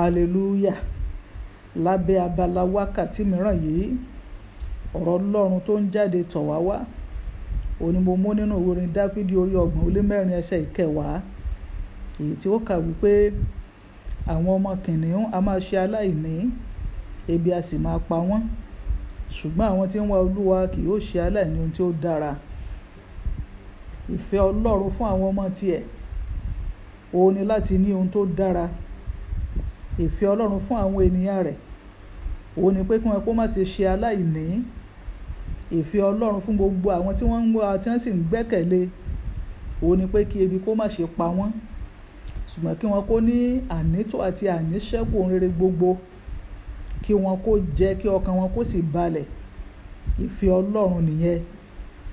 hallelujah lábẹ́ abala wákàtí mìíràn yìí ọ̀rọ̀ ọlọ́run tó ń jáde tọ̀ wá wá òní mo mú nínú ìwé orin dáfídì orí ọgbọ̀n ó lé mẹ́rin ẹsẹ̀ ìkẹwàá èyí tí ó kà wípé àwọn ọmọ kìnìún a máa ṣe aláìní ebi a sì máa pa wọ́n ṣùgbọ́n àwọn tí ń wá olúwa kì yóò ṣe aláìní ohun tí ó dára ìfẹ́ ọlọ́run fún àwọn ọmọ tiẹ̀ òun ni láti ní ohun tó dára ìfẹ́ ọlọ́run fún àwọn ènìyàn rẹ̀ òun ni pé kí wọn kó má ti ṣe aláìní ìfẹ́ ọlọ́run fún gbogbo àwọn tí wọ́n ń wá tí wọ́n sì ń gbẹ́kẹ̀lé òun ni pé kí ebi kó má ṣe pa wọ́n ṣùgbọ́n kí wọn kó ní ànító àti àníṣẹ́kù rere gbogbo kí wọn kó jẹ kí ọkàn wọn kó sì balẹ̀ ìfẹ́ ọlọ́run nìyẹn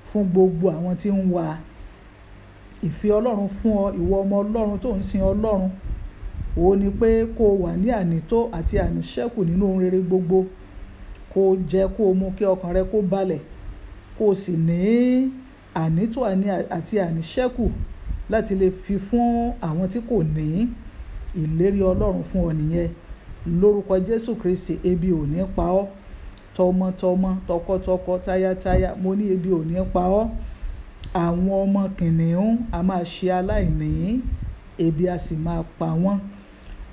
fún gbogbo àwọn tí ń wá ìfẹ́ ọlọ́run fún ọ ìwọ ọmọ ọlọ́run tó ń sin ọlọ́run òun ni pé kó o wà ní ànító àti àníṣẹ́kù nínú ohun rere gbogbo kó o jẹ kó o mu kí ọkàn rẹ kó balẹ̀ kó o sì ní ànító àti àníṣẹ́kù láti lè fi fún àwọn tí kò ní ìlérí ọlọ́run fún ọ nìyẹn lórúkọ jésù kristi ebi ò ní pa ọ́ tọmọtọmọ tọkọtọkọ táyátáyá mo ní ebi ò ní pa ọ́ àwọn ọmọ kìnìún a máa ṣe aláìní ebi a sì máa pa wọ́n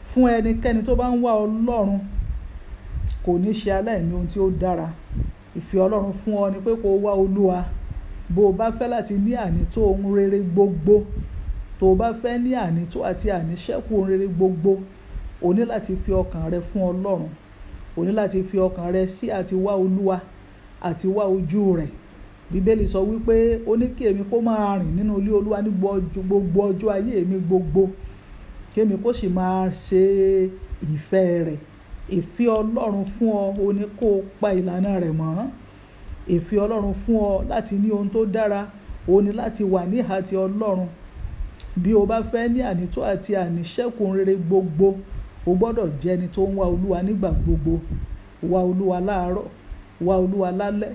fún ẹnikẹ́ni tó bá ń wá ọlọ́run kò ní ṣe aláìní ohun tí ó dára ìfẹ́ ọlọ́run fún ọ ni pé kó o wá olúwa bó o bá fẹ́ láti ní ànító ohun rere gbogbo tó o bá fẹ́ ní ànító àti àníṣẹ́kù ohun rere gbogbo o ní láti fi ọkàn rẹ fún ọlọ́run o ní láti fi ọkàn rẹ sí àti wá olúwa àti wá ojú rẹ̀ bíbélì sọ wípé ó ní kí èmi kó máa rìn nínú ilé olúwa ní gbogbo ọjọ́ ayé mi gbogbo kémi kó sì máa ṣe ìfẹ́ rẹ̀ ìfẹ́ ọlọ́run fún ọ o ní kó o pa ìlànà rẹ̀ mọ́ ìfẹ́ ọlọ́run fún ọ láti ní ohun tó dára o ní láti wà ní ìhà ti ọlọ́run bí o bá fẹ́ ní ànító àti àníṣẹ́kùn rere gbogbo o gbọ́dọ̀ jẹ́ ẹni tó ń wá olúwa nígbà gbogbo wá olúwa láàárọ̀ wá olúwa lálẹ́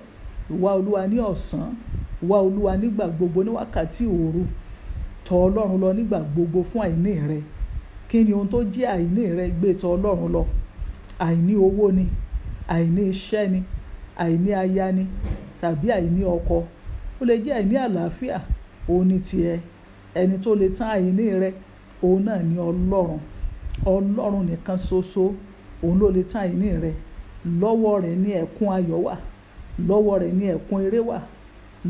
wá olúwa ní ọ̀sán wá olúwa nígbà gbogbo ní wákàtí òru tọ̀ ọlọ́run lọ nígbà gbogbo fún àìní rẹ̀ kí ni ohun tó jẹ́ àìní rẹ gbé tọ Ọlọ́run lọ àìní owó ni àìní iṣẹ́ ni àìní aya ni tàbí àìní ọkọ ó lè jẹ́ àìní àlàáfíà òun ni tiẹ̀ ẹni tó lè tán àìní rẹ òun náà ni Ọlọ́run Ọlọ́run nìkan ṣoṣo òun ló lè tán àìní rẹ lọ́wọ́ rẹ̀ ní ẹ̀kún ayọ̀ wà lọ́wọ́ rẹ̀ ní ẹ̀kún eré wà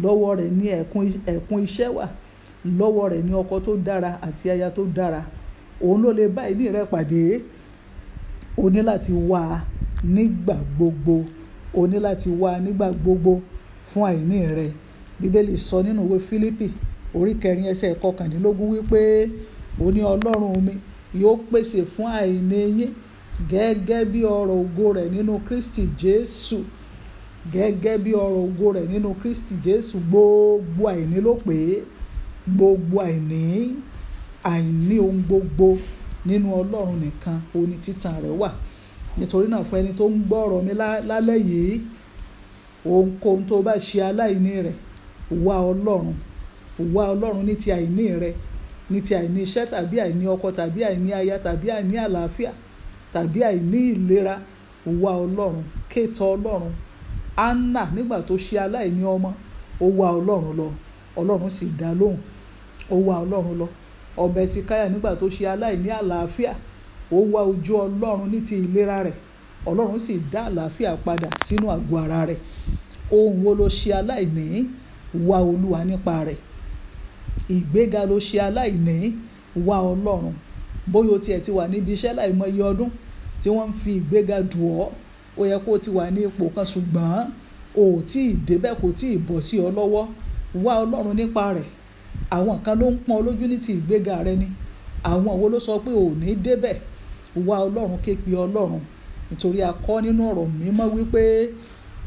lọ́wọ́ rẹ̀ ní ẹ̀kún iṣẹ́ wà lọ́wọ́ rẹ̀ ní ọkọ tó dára àti aya tó dára òun ló lè bá ìní rẹ pàdé o ní láti wá a nígbà gbogbo o ní láti wá a nígbà gbogbo fún àìní rẹ bíbélì sọ nínú ìwé Fílípì orí kẹrin ẹsẹ̀ kọkàndínlógún wípé o ní Ọlọ́run mi yóò pèsè fún àìní yín gẹ́gẹ́ bí ọrọ̀ ògo rẹ̀ nínú Kristi Jésù gẹ́gẹ́ bí ọrọ̀ ògo rẹ̀ nínú Kristi Jésù gbogbo àìní ló pè é gbogbo àìní àìní ohun gbogbo nínú Ọlọ́run nìkan òní títàn rẹ̀ wà nítorí náà fún ẹni tó ń gbọ́ ọ̀rọ̀ mi lálẹ́ yìí ohunkóhun tó bá ṣe aláìní rẹ̀ wá Ọlọ́run wá Ọlọ́run ní ti àìní rẹ̀ ní ti àìní iṣẹ́ tàbí àìní ọkọ tàbí àìní aya tàbí àìní àlàáfíà tàbí àìní ìlera wá Ọlọ́run ké Ọlọ́run Anna nígbà tó ṣe aláìní ọmọ ó wá Ọlọ́run lọ Ọlọ́run sì dá lóhùn ó wá Ọlọ́run lọ ọba ẹ̀sìkáyà nígbà tó ṣe aláìní àlàáfíà ó wá ojú ọlọ́run ní ti ìlera rẹ̀ ọlọ́run sì dá àlàáfíà padà sínú àgọ́ ara rẹ̀ ohun wo ló ṣe aláìní wá olúwa nípa rẹ̀ ìgbéga ló ṣe aláìní wá ọlọ́run bóyá o tiẹ̀ ti wà níbi iṣẹ́ láìmọye ọdún tí wọ́n ń fi ìgbéga dùn ọ́ ó yẹ kó o ti wà ní ipò kan ṣùgbọ́n o ò tí ì débẹ̀ kò tí ì bọ̀ sí ọ lọ́wọ́ wá ọlọ́run nípa rẹ̀ àwọn kan ló ń pọ́n ọ lójú ní ti ìgbéga rẹ ni àwọn wo ló sọ pé ò ní débẹ̀ wá ọlọ́run ké pe ọlọ́run nítorí a kọ́ nínú ọ̀rọ̀ mímọ́ wípé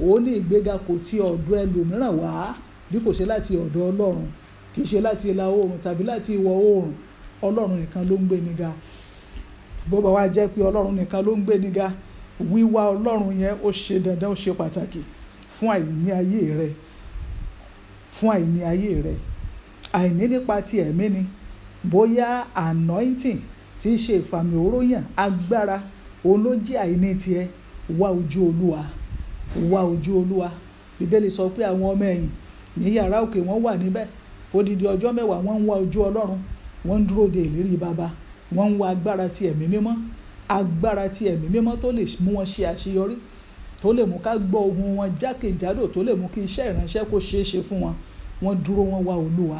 ó ní ìgbéga kò ti ọ̀dọ̀ ẹlòmíràn wá bí kò ṣe láti ọ̀dọ̀ ọlọ́run kì í ṣe láti ìlà oòrùn tàbí láti ìwọ̀ oòrùn ọlọ́run nìkan ló ń gbé ni ga bó bá wá jẹ́ pé ọlọ́run nìkan ló ń gbé ni ga wíwá ọlọ́run yẹn ó ṣe dandan ó ṣe pàtàkì fún àìní ayé rẹ fún àìní ayé rẹ àìní nípa ti ẹ̀mí ni bóyá anointing tí í ṣe ìfàmì òróyàn agbára òun ló jẹ́ àìní tiẹ̀ wá ojú olúwa wá ojú olúwa bíbélì sọ pé àwọn ọmọ ẹ̀yìn ní yàrá òkè wọ́n wà níbẹ̀ fódìdí ọjọ́ mẹ́wàá wọ́n ń wá ojú ọlọ́run wọ́n ń dúró de ìlérí baba wọ́n ń wá agbára ti ẹ̀mí mímọ́ agbára ti ẹ̀mí mímọ́ tó lè mú wọn ṣe àṣeyọrí tó lè mú ká gbọ́ ohùn wọn jákèjádò tó lè mú kí iṣẹ́ ìránṣẹ́ kó ṣeé fún wọn wọ́n dúró wọ́n wá olúwa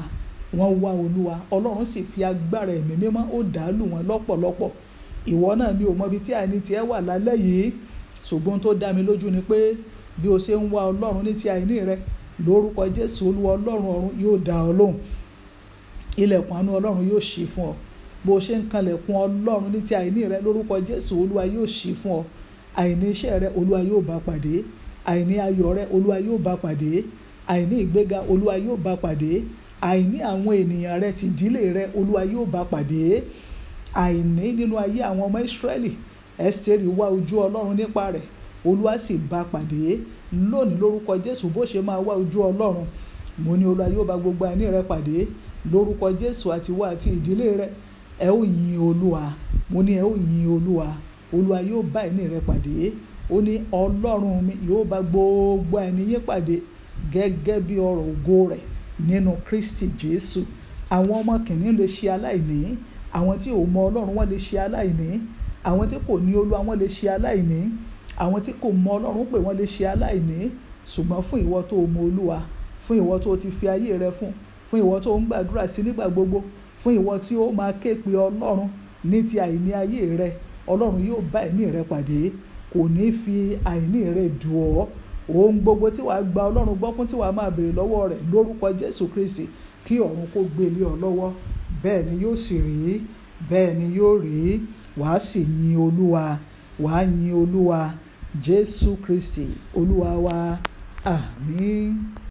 wọ́n wá olúwa ọlọ́run sì fi agbára ẹ̀mí mímọ́ ó dàálù wọn lọ́pọ̀lọpọ̀ ìwọ náà mi ò mọ tí àìní tiẹ̀ wà lálẹ́ yìí ṣùgbọ́n tó dá mi lójú ni pé bí o ṣe ń wá ọlọ́run ní ti àìní rẹ lórúkọ jésù olúwa ọlọ́run ọ̀run yóò dá ọ lóhùn ilẹ̀kùn àánú ọlọ́run yóò ṣí fún ọ bó o ṣe ń kanlẹ̀kùn ọlọ́run ní ti àìní rẹ lórúkọ jésù olúwa yóò ṣí fún ọ àìní iṣẹ́ rẹ olúwa yóò bá pàdé àìní ayọ̀ rẹ olúwa yóò bá pàdé àìní ìgbéga olúwa yóò bá pàdé àìní àwọn ènìyàn rẹ ti ìdílé rẹ olúwa yóò bá pàdé àìní nínú ayé àwọn ọmọ ìsírẹ́lì ẹsẹ̀rì wá ojú ọlọ́run nípa rẹ̀ olúwa sì bá pàdé lónìí lórúkọ jésù bó ṣe máa wá ojú ọlọ́run mo ní olúwa yóò bá gbogbo àìní rẹ pàdé lórúkọ jésù àti wá àti ìdílé rẹ ẹ ó yin olúwa mo ní ẹ ó yin olúwa olúwa yóò bá àìní rẹ pàdé ó ní ọlọ́run mi yóò bá gbogbo àìní yín pàdé gẹ́gẹ́ bí ọrọ̀ ògo rẹ̀ nínú Kristi Jésù àwọn ọmọ kìnìún lè ṣe aláìní àwọn tí ò mọ Ọlọ́run wọn lè ṣe aláìní àwọn tí kò ní Olúwa wọn lè ṣe aláìní àwọn tí kò mọ Ọlọ́run pé wọ́n lè ṣe aláìní ṣùgbọ́n fún ìwọ tó o mọ Olúwa fún ìwọ tó o ti fi ayé rẹ fún fún ìwọ tó o ń gbàdúrà sí nígbà gbogbo fún ìwọ tí ó máa ké pe Ọlọ́run ní ti àìní ayé rẹ Ọlọ́run yóò bá ẹ̀mí rẹ pàdé kò ní fi àìní rẹ dùn ọ́ ohun gbogbo tí wàá gba ọlọ́run gbọ́ fún tí wàá máa béèrè lọ́wọ́ rẹ̀ lórúkọ jésù kristi kí ọ̀run kó gbé lé ọ lọ́wọ́ bẹ́ẹ̀ ni yóò sì rí bẹ́ẹ̀ ni yóò rí wàá sì yin olúwa wàá yin olúwa jésù kristi olúwa wa àmín.